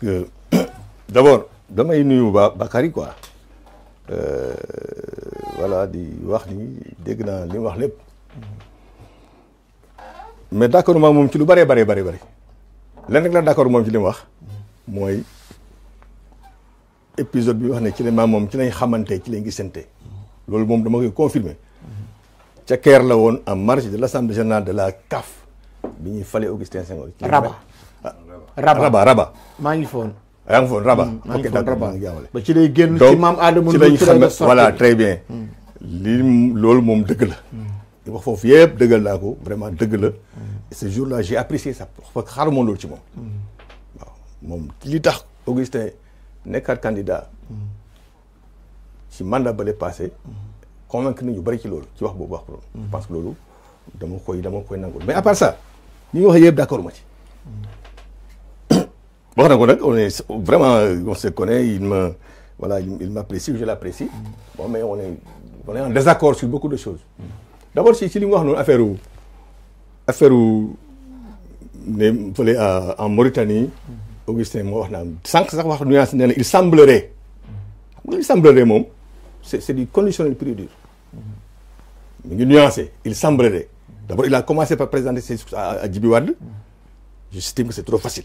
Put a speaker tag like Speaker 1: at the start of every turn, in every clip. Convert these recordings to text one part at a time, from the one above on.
Speaker 1: que d'abord damay nuyu bakari Bakary quoi euh, voilà di wax ni dégg naa wax mais d'accord ma moom ci lu bare dit. bare bare lenn rek la d'accord moom ci li mu wax mooy épisode bi wax ci ci ci la en marge de l'assemblée générale de la CAF bi ñuy fale Augustin Rabat Rabat maa ngi foon yaa ngi foon Rabat mm, ok d'accord ba ci lay génn ci maam Adama ci lañ xam voilà très bien mm. li loolu moom dëgg la mm. li wax foofu yëpp dëggal naa ko vraiment dëgg la ce jour là j'ai apprécié ça parce que xaaruma loolu ci moom waaw moom li tax Augustin nekkaat candidat ci mandat bale passé convaincre nañu bari ci loolu ci wax boobu wax pro je que loolu dama koy dama koy nangul mais à part ça li ñu wax yëpp d'accord ma ci on est vraiment on se connaît il me voilà il m'apprécie je l'apprécie mais on est on est en désaccord sur beaucoup de choses d'abord si tu li mu affaire affaire en Mauritanie Augustin moo sans que ça soit il semblerait il semblerait même, c'est du conditionnel pur dur il semblerait d'abord il a commencé par présenter ses à Je Je j'estime que c'est trop facile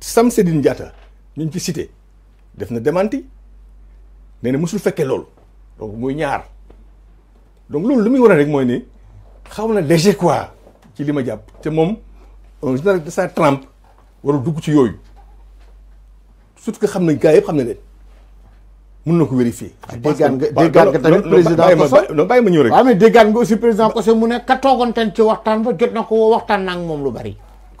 Speaker 1: Sam Sedine Diatta ñu ci cité def na démenti nee na mosul fekkee loolu donc muy ñaar donc loolu lu muy wane rek mooy ni xaw na léger quoi ci li ma jàpp te moom un général de sa trempe warul dugg ci yooyu surtout que xam na gars yëpp xam na leen mën na ko vérifier. Ah, je pense déggaat nga tamit président bàyyi ma ñëw rek. waaw mais déggaat nga aussi président Kosso mu ne ka toogoon ci waxtaan ba jot na ko waxtaan na ak moom lu bari.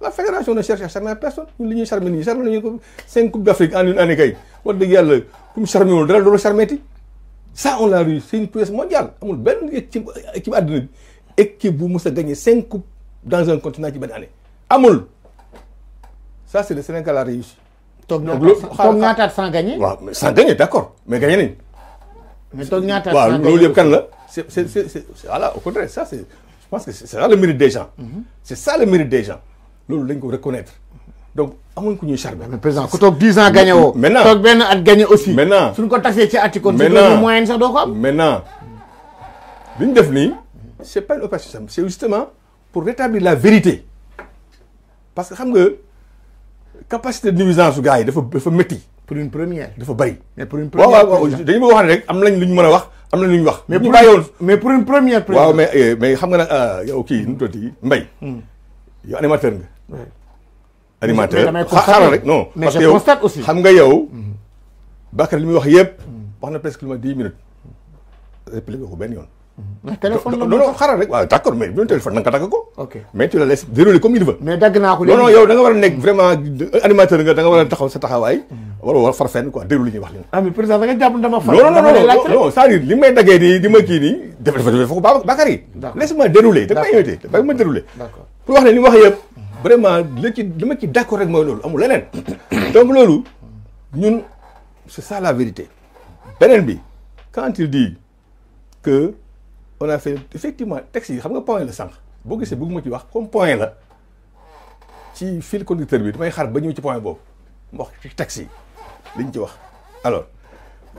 Speaker 1: la fédération ne cherche à charmer personne nous li ñuy cinq coupes d'Afrique en une année kay wax dëgg le ku mu charmer wul ça on l'a réussi c'est une prouesse mondiale amul benn équipe équipe équipe bu gagné cinq coupes dans un continent ci benn année Amoul, ça c'est le Sénégal a réussi. sans gagner. mais sans gagner d'accord mais gagner mais Togna gagner c'est voilà au contraire ça c'est je pense que c'est ça le mérite des gens. Mhm. c'est ça le mérite des gens lolu lañ ko reconnaître donc amuñ ku ñuy charmer. mais président ku 10 ans gagné woo. maintenant ben at gagné aussi. maintenant suñ ko tasee ci atti yi kon. maintenant moyenne sax do ko am. maintenant bien def ni c'est pas une opération c'est justement pour rétablir la vérité parce que xam nga capacité de nuisance su gars yi dafa dafa metti pour une première dafa bari. mais pour une première waaw dañu wax ne rek am nañ luñ mëna wax am nañ lu ñu wax. mais pour mais pour une première. waaw mais eh, mais xam nga nag ah, yow kii nu mbay. tuddati hmm. yow animateur nga. animateur xaaral rek non. mais xam nga yow. Bakar li muy wax yëpp. wax na presque lu ma dix minutes. répliqué ko benn yoon. mais xaaral rek waaw d' accord mais bu ñu téléphone ko dagg ko. la laisses dérouler comme il veut. mais dagg naa ko léegi a nekk vraiment animateur nga da nga war a taxaw sa hmm. war war far fenn quoi déroulé li wax leen. ah mais daggee nii di ma kii nii. dafa dafa dafa foofu Bakar yi. d' accord laisse pour wax ne li mu wax yëpp vraiment li ci li ci d'accord rek moy lolu amul leneen donc lolu ñun c'est ça la vérité benen bi quand il dit que on a fait effectivement texte xam nga point la sànq boo gisee ma ci wax comme point la ci fil conducteur bi damay xar ba ñëw ci point bob wax ci texte liñ ci wax alors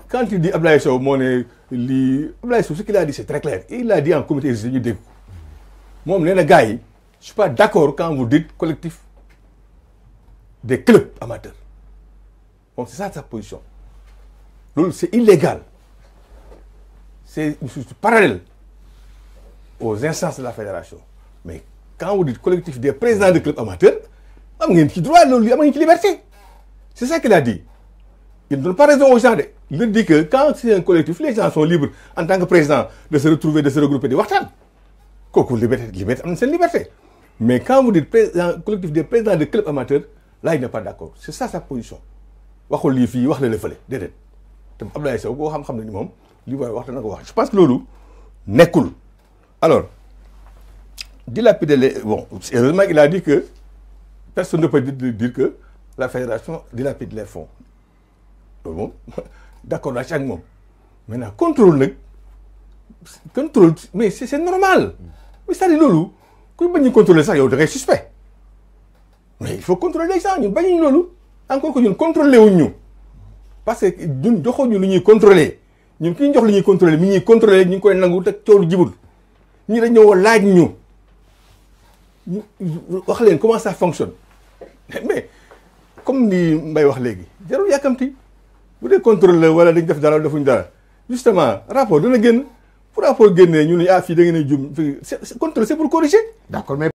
Speaker 1: quand il dit Abdoulaye Sow moo ne lii Abdoulaye Sow ce qu'il a dit c'est très clair il l'a dit en comité exécutif ñu dégg ko moom nee yi je ne suis pas d'accord quand vous dites collectif des clubs amateurs. Donc c'est ça sa position. C'est illégal. C'est parallèle aux instances de la fédération. Mais quand vous dites collectif des présidents de clubs amateurs, vous avez un petit droit, vous a une liberté. C'est ça qu'il a dit. Il ne donne pas raison aux gens. Il dit que quand c'est un collectif, les gens sont libres en tant que président de se retrouver, de se regrouper, de Wachtan. Coco, liberté, liberté, c'est une liberté. Mais quand vous dites le collectif des présidents de clubs amateurs, là, il n'est pas d'accord. C'est ça sa position. Je pense que Loulou n'est cool. Alors, dilapider les. Bon, heureusement qu'il a dit que personne ne peut dire que la fédération dilapide les fonds. Bon, d'accord, à chaque moment. Maintenant, contrôle, contrôle, mais c'est normal. Mais ça, dit il bañ ça contrôler sax yow suspect mais il faut contrôler ça. nous ne sommes pas. encore que ñun contrôler wuñ parce que nous devons contrôler nous contrôler nous ñuy contrôler nous devons koy Nous devons contrôler. jibul ñi dañ Nous devons comment ça fonctionne mais comme ni l'ai wax devons contrôler. Nous bu contrôler. wala dañ def justement rapport de bu rapport génnee ñu ne ah fii da ngeen a jum fii contrôle c'est pour corriger. d'accord mais